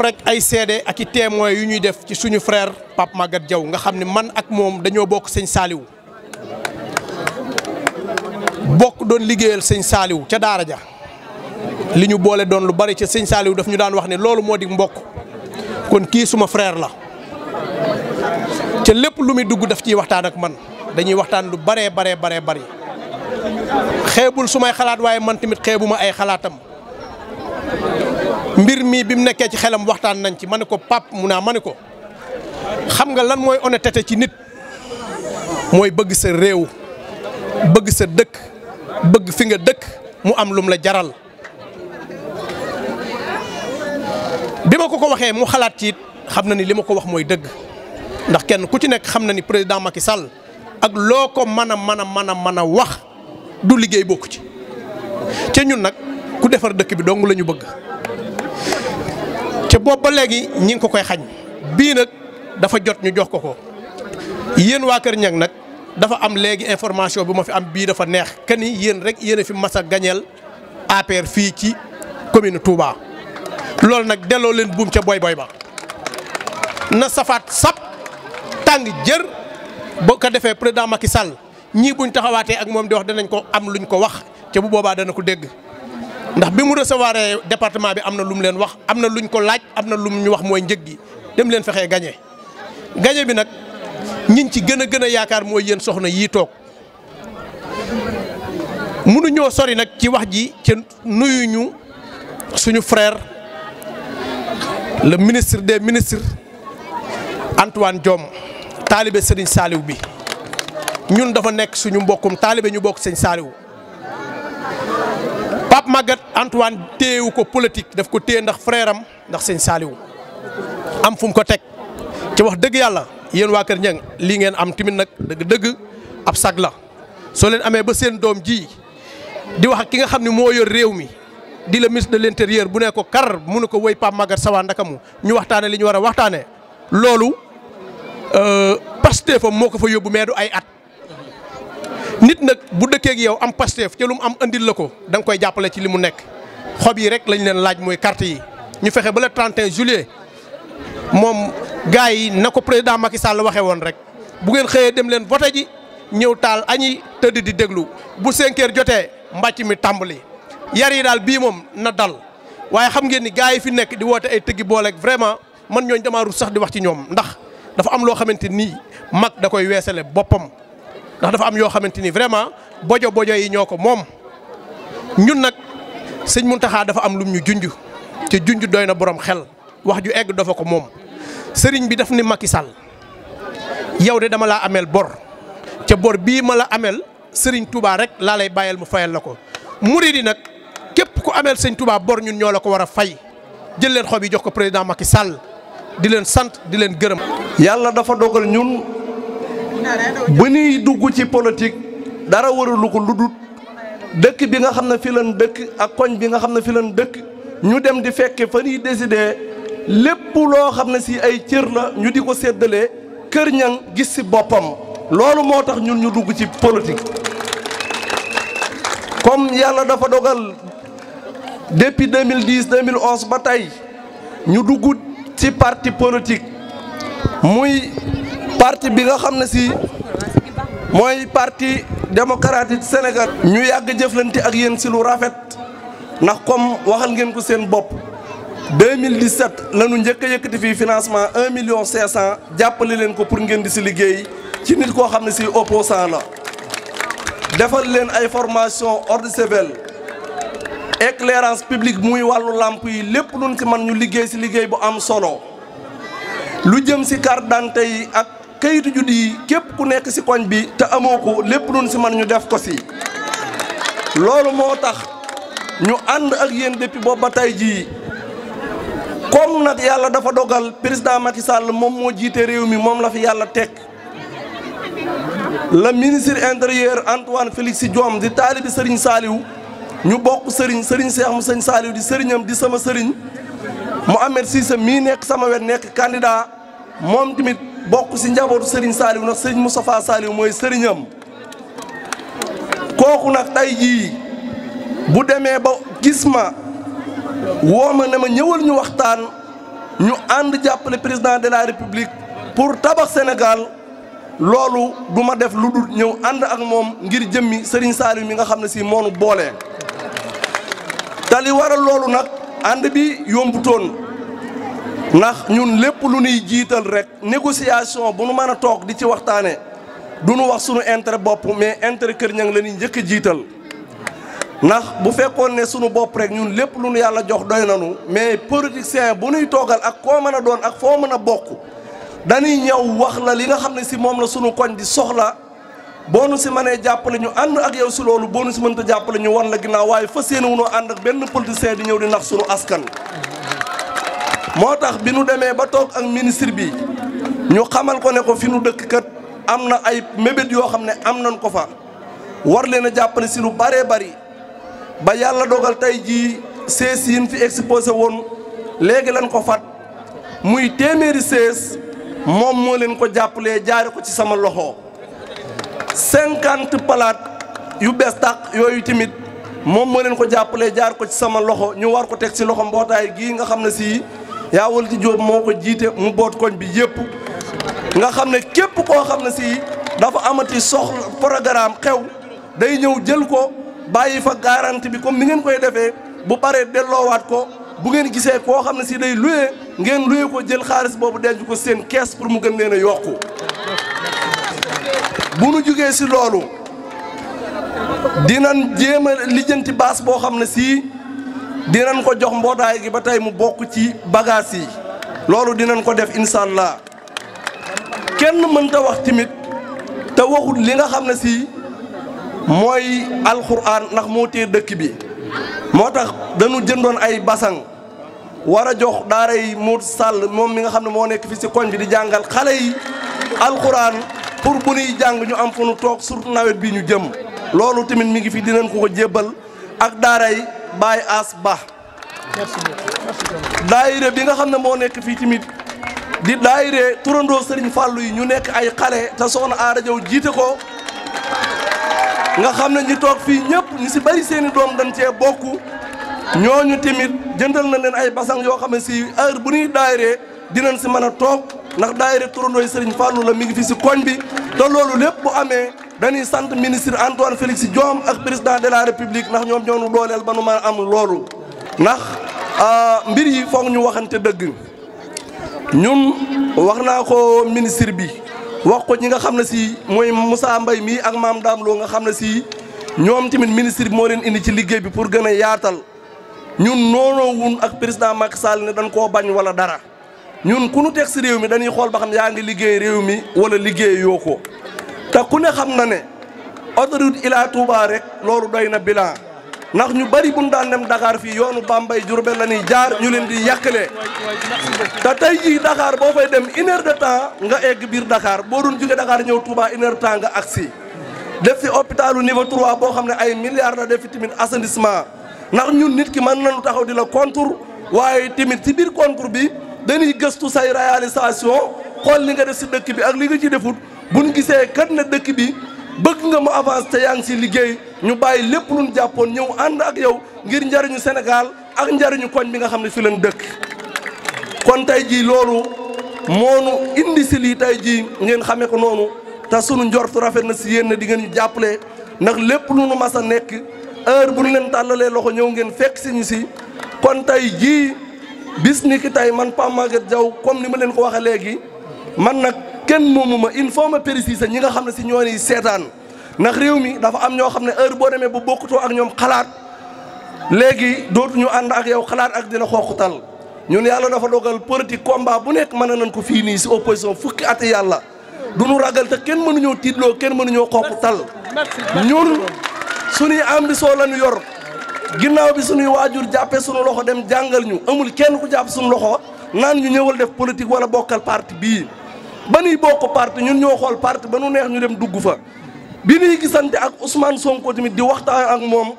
rek ay seede ak i témoins yu ñuy def ci suñu frère Pape Maguette jaw nga xam ne man ak moom dañoo bokk sëñ Saaliw bokk doon liggéeyal sëñ Saaliw ca daara ja li ñu boole doon lu bari ca sëñ Saaliw daf ñu daan wax ne loolu moo di mbokk kon kii suma frère la ca lépp lu muy dugg daf ciy waxtaan ak man dañuy waxtaan lu baree baree baree bari xeebul sumay xalaat waaye man tamit xeebuma ay xalaatam. mbir mii bi mu nekkee ci xelam waxtaan nañ ci ma ne ko papp mu naa ma ne ko xam nga lan mooy honnêteté ci nit mooy bëgg sa réew bëgg sa dëkk bëgg fi nga dëkk mu am lum la jaral bi ma ko ko waxee mu xalaat ci it xam na ni li ma ko wax mooy dëgg ndax kenn ku ci nekk xam na ni président Macky Sall ak loo ko mën a mën a mën a wax du liggéey bokk ci ca ñun nag ku defar dëkk bi dong lañu bëgg ca boobu ba léegi ñi ngi ko koy xañ bii nag dafa jot ñu jox ko ko yéen waa Kër Niang nag dafa am léegi information bu ma fi am bii dafa neex que ni yéen rek yéene fi mas a gañeel APR fii ci commune Touba loolu nag delloo leen buum ca booy boy ba na safaat sap tàng jër boo ko defee président Macky Sall ñii buñ taxawaatee ak moom di wax danañ ko am luñ ko wax ca bu boobaa dana ko dégg. ndax bi mu recevoir département bi am na lu mu leen wax am na luñ ko laaj am na lu mu ñu wax mooy njëg gi dem leen fexee gañe gañe bi nag ñiñ ci gën a gën a yaakaar mooy yenn soxna yii toog mënuñoo sori nag ci wax ji ca nuyu ñu suñu frère le ministre des ministres Antoine Diome taalibe Serigne Saliou bi ñun dafa nekk suñu mbokkum taalibe ñu bokk Serigne Saliou Pape Maguette Antoine téyewu ko politique daf ko téye ndax frère am ndax sëñ Saaliwu am fu mu ko teg ci wax dëgg yàlla yéen waa Kër Ndiang lii ngeen am tamit nag dëgg-dëgg ab sag la soo leen amee ba seen doom ji di wax ki nga xam ne moo yor réew mi di la ministre de l'intérieur bu ne ko kar mu ko woy Pape Maguette Sawa Ndakamu ñu waxtaane li ñu war a waxtaanee loolu euh, Pastef fa moo ko fa yóbbu mais du ay at. nit nag bu dëkkee yow am Pastef ca lu mu am indil la ko danga koy jàppale ci li mu nekk xob yi rek lañ leen laaj mooy carte yi ñu fexe ba le 31 juillet moom gars yi na ko président Macky Sall waxee woon rek bu ngeen xëyee dem leen voté ji ñëw taal añi tëdd di déglu bu 5 jotee mbàcc mi tàmbali. yar yi daal bii moom na dal waaye xam ngeen ni gars yi fi nekk di woote ay tëggi booleek vraiment man ñooñ damaa rus sax di wax ci ñoom ndax dafa am loo xamante ni mag da koy weesale boppam. ndax dafa am yoo xamante ni vraiment bojo bojo yi ñoo ko moom ñun nag sëñ taxaa dafa am lum ñu junj te junj doy na boroom xel wax ju egg dafa ko moom sëriñ bi daf ni Macky Sall yow de dama laa ameel bor ca bor bii ma la ameel sëriñ Touba rek laa lay bàyyeel mu fayal la ko murid yi nag képp ku ameel sëñ Touba bor ñun ñoo la ko war a fay jël leen xob yi jox ko président Macky Sall di leen sant di leen gërëm. yàlla dafa dogal ñun. bu ñuy dugg ci politique dara warulu ko lu dul dëkk bi nga xam ne fi lan dëkk ak koñ bi nga xam ne fi lan dëkk ñu dem di fekke fa ñuy décider lépp loo xam ne si ay cër la ñu di ko séddalee kër ñang gis si boppam loolu moo tax ñun ñu dugg ci politique comme yàlla dafa dogal depuis 2010 2011 ba tey ñu dugg ci parti politique muy parti bi nga xam na si mooy parti démocratique Sénégal. ñu yàgg jëflante ak yéen si lu rafet ndax comme waxal ngeen ko seen bopp 2017 la ñu njëkk a yëkkati fii financement 1 million 500 jàppale leen ko pour ngeen di si liggéey ci nit ko xam ne si san la. defal leen ay formation hors de civil éclairance publique muy wàllu làmp yi lépp luñ ci man ñu liggéey ci liggéey bu am solo lu jëm ci carte d'identité yi ak kayitu judd yi képp ku nekk si koñ bi te amoo ko lépp doon si man ñu def ko si loolu moo tax ñu ànd ak yéen depuis boobu ba tey jii comme nag yàlla dafa dogal président Macky Sall moom moo jiite réew mi moom la fi yàlla teg le ministre intérieur Antoine Félix Diome di taalibi Serigne Saliou ñu bokk sëriñ sëriñ Cheikh mu Serigne Saliou di sëriñam di sama sëriñ Mohamed Cissé mii nekk sama wet nekk candidat moom tamit. bokk si njabootu Serigne Saliou nag Serigne Moustapha Saliou mooy sëriñam kooku nag tey jii bu demee ba gis ma woo ma ne ma ñëwal ñu waxtaan ñu ànd jàppale président de la république pour tabax Sénégal loolu du ma def lu dul ñëw ànd ak moom ngir jëmmi Serigne Saliou mi nga xam ne si moonu boole te li waral loolu nag ànd bi yombutoon. ndax ñun lépp lu nuy jiital rek négociation bu nu mën a toog di ci waxtaane du nu wax sunu intérêt bopp mais intérêt kër ñang la ñuy njëkk a jiital ndax bu fekkoon ne sunu bopp rek ñun lépp lu nu yàlla jox doy nanu mais politicien bu nuy toogal ak koo mën a doon ak foo mën a bokk dañuy ñëw wax la li nga xam ne si moom la sunu koñ di soxla boo nu si mënee jàppale ñu ànd ak yow si loolu boo nu si mënta jàppale ñu wan la ginnaaw waaye fa yéene wu ànd ak benn politicien di ñëw di nax sunu askan. moo tax bi nu demee ba toog ak ministre bi ñu xamal ko ne ko fi nu dëkk kat am na ay mébét yoo xam ne am nañ ko fa war leen a jàppale si lu baree bari ba yàlla dogal tey jii sees yi fi exposé woon léegi lañ ko fat muy téeméeri sees moom moo leen ko jàppalee jaare ko ci sama loxo cinquante palaat yu bees tàq yooyu tamit moom moo leen ko jàppalee jaar ko ci sama loxo ñu war ko teg ci loxo mbootaay gi nga xam ne sii yaa waldi Diop moo ko jiite mu boot koñ bi yëpp nga xam ne képp koo xam ne si dafa amati soxla programme xew day ñëw jël ko bàyyi fa garantie bi comme ni ngeen koy defee bu paree delloowaat ko bu ngeen gisee koo xam ne si day luye ngeen luye ko jël xaalis boobu denc ko seen kees pour mu gën leen yokku bu nu jógee si loolu dinañ jéem a lijjanti baas boo xam ne sii. dinañ ko jox mbootaay gi ba tey mu bokk ci bagaas yi loolu dinañ ko def incha allah kenn mënta wax timit te waxut li nga xam ne si mooy alxuraan ndax moo tee dëkk bi moo tax dañu jëndoon ay basang war a jox daara yi mu sàll moom mi nga xam ne moo nekk fi si koñ bi di jàngal xale yi alxuraan pour bu nuy jàng ñu am fu nu toog surtout nawet bi ñu jëm loolu tamit mi ngi fi dinañ ko ko jébbal ak daara yi Baye As Ba daayire bi nga xam ne moo nekk fii tamit di daayire turandoo Serigne Fallou yi ñu nekk ay xale te soxna Aada Jaw jiite ko nga xam ne ñi toog fii ñëpp ñu si bari seeni doom dañ cee bokku ñooñu tamit jëntal na leen ay basang yoo xam ne si heure bu ñuy daayire dinañ si mën a toog ndax daayire turandoo sëriñ Serigne la mi ngi fi si koñ bi te loolu lépp bu amee dañuy sant ministre Antoine Félix joom ak président de la république ndax ñoom ñoo nu ba nu ma am loolu. ndax euh, mbir yi foog ñu waxante dëgg ñun wax naa ko ministre bi wax ko ñi nga xam ne si mooy Moussa mbay mi ak maam daam loo nga xam ne si ñoom tamit ministre bi moo leen indi ci liggéey bi pour gën a yaatal ñun noonoo wun ak président Macky Sall ne dañ koo bañ wala dara ñun ku nu teg si réew mi dañuy xool ba xam yaa ngi liggéey réew mi wala liggéey yoo te ku ne xam na ne autoroute Ila Touba rek loolu doy na bilan ndax ñu bari bu ñu daan dem Dakar fii yoonu Bambey Diourbel la ñuy jaar ñu leen di yàqale te tey jii Dakar boo fay dem une heure de temps nga egg biir dakaar boo doon jóge Dakar ñëw Touba une heure de temps nga agsi def fi hôpitalu niveau 3 boo xam ne ay milliards la def fi tamit assainissement ndax ñun nit ki mën nañu taxaw di la contour waaye tamit ci biir contour bi dañuy gëstu say réalisation xool li nga def si bi ak li nga ci defut bu nu gisee kat na dëkk bi bëgg nga mu avance te yaa si liggéey ñu bàyyi lépp lu ñu jàppoon ñëw ànd ak yow ngir njariñu Sénégal ak njariñu koñ bi nga xam ne fi leen dëkk kon tey jii loolu moonu indi si lii tey jii ngeen xamee ko noonu te sunu njortu rafet na si yéen di ngeen jàppale ndax lépp lu nu mas a nekk heure bu ñu leen tàllalee loxo ñëw ngeen fekk si ñu si kon tey jii bis ni ki tey man Pape Maguette Diaw comme ni ma leen ko waxee léegi man nag. kenn moomu ma il faut ma préciser ñi nga xam ne si ñoo ni seetaan ndax réew mi dafa am ñoo xam ne heure boo demee bu bokkutoo ak ñoom xalaat léegi dootuñu ànd ak yow xalaat ak dina xooqutal ñun yàlla dafa dogal politique combat bu nekk mën nañ ko fii nii si opposition fukki at yàlla du ñu ragal te kenn mënuñoo tiitloo kenn mënuñoo xooqutal ñun suñuy ambition lañu yor ginnaaw bi suñuy waajur jàppee suñu loxo dem jàngal ñu amul kenn ku jàpp suñu loxo naan ñu ñëwal def politique wala bokkal parti bii ba nuy bokk parti ñun ñoo xool parti ba nu neex ñu dem dugg fa bi nuy gisante ak Ousmane sonkoo tamit di waxtaan ak moom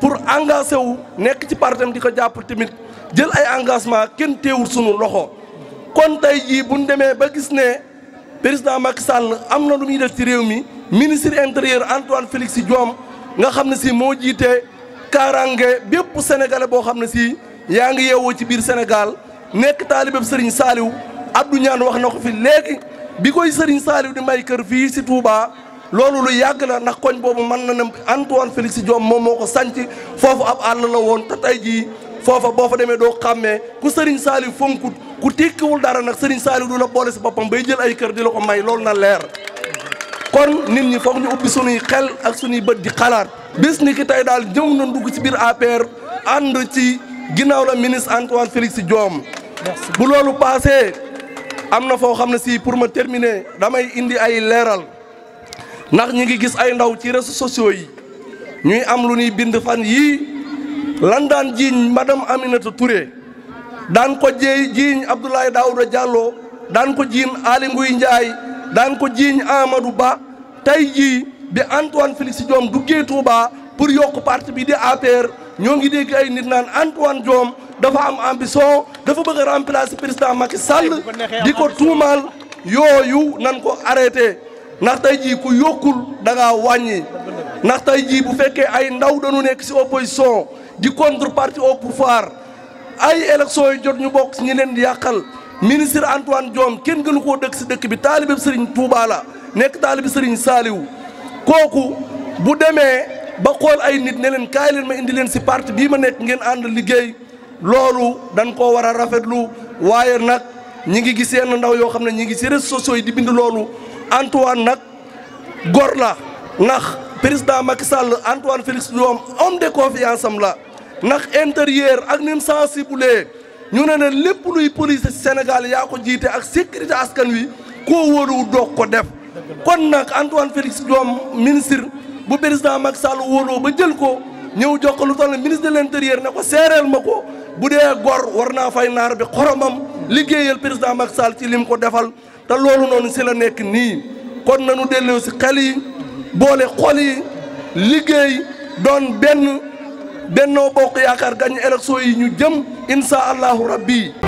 pour engagé wu nekk ci partam di ko jàpp tamit jël ay engagement kenn téewul sunu loxo kon tey jii bu ñu demee ba gis ne président Macky Sall am na lu muy def ci réew mi ministre intérieur Antoine Félix Diome nga xam ne si moo jiite kaaraange bépp sénégalais boo xam ne si yaa ngi yeewoo ci biir Sénégal nekk taalibeb Serigne Saliou Abdou Niane wax na ko fi léegi bi koy Serigne Saliou di may kër fii si Touba loolu lu yàgg la ndax koñ boobu mën na ne Antoine Félix joom moom moo ko sanc foofu ab àll la woon te tey jii foofa boo fa demee doo xàmmee ku Serigne Saliou fonkut ku tekkiwul dara nag Serigne Saliou du la boole si boppam bay jël ay kër di la ko may loolu na leer kon nit ñi foog ñu ubbi sunuy xel ak sunuy bët di xalaat bis ni ki tey daal ñëw na dugg ci biir APR ànd ci ginnaaw la ministre Antoine Félix Diome bu am na foo xam ne si pour ma terminer damay indi ay leeral ndax ñi ngi gis ay ndaw ci réseaux sociaux yi ñuy am lu ñuy bind fan yii lan daan jiiñ madame Aminata Touré daan ko jéey jiiñ Abdoulaye Daouda jàlloo daan ko jiiñ Aly Ngouille Ndiaye daan ko jiiñ Amadou Ba tey jii bi Antoine Félix Diome duggee Touba pour yokk parti bi di APR ñoo ngi dégg ay nit naan Antoine Diome dafa am ambition dafa bëgg a remplacer président Macky Sall di ko tuumaal yooyu nan ko arrêté ndax tey jii ku yokkul danga wàññi ndax tey jii bu fekkee ay ndaw dañu nekk si opposition di contre parti au pouvoir ay élection yu jot ñu bokk si ñi leen di yàqal ministre Antoine Diome kenn gënu koo dëkk si dëkk bi taalibe Serigne Touba la nekk taalibe Serigne Saliou kooku bu demee ba xool ay nit ne leen kaay leen ma indi leen si parti bii ma nekk ngeen ànd liggéey loolu dañ koo war a rafetlu waaye nag ñi ngi gis yenn ndaw yoo xam ne ñi ngi ci réseaux sociaux yi di bind loolu Antoine nag gor la ndax président Macky sàll Antoine Félix Diome homme de confiance la ndax intérieur ak nim sensible ñu ne ne lépp luy police Sénégal yaa ko jiite ak sécurité askan wi koo wóolu doog ko def kon nag Antoine Félix Diome ministre bu président Macky Sall wóoloo ba jël ko ñëw jox ko lu toll ministre de l'intérieur ne ko seereel ma ko bu dee gor war naa fay naar bi xoromam liggéeyal président Macky Sall ci lim ko defal te loolu noonu si la nekk nii kon nanu delloo si xel yi boole xol yi liggéey doon benn bennoo bokk yaakaar gañ élection yi ñu jëm incha allahu rabbi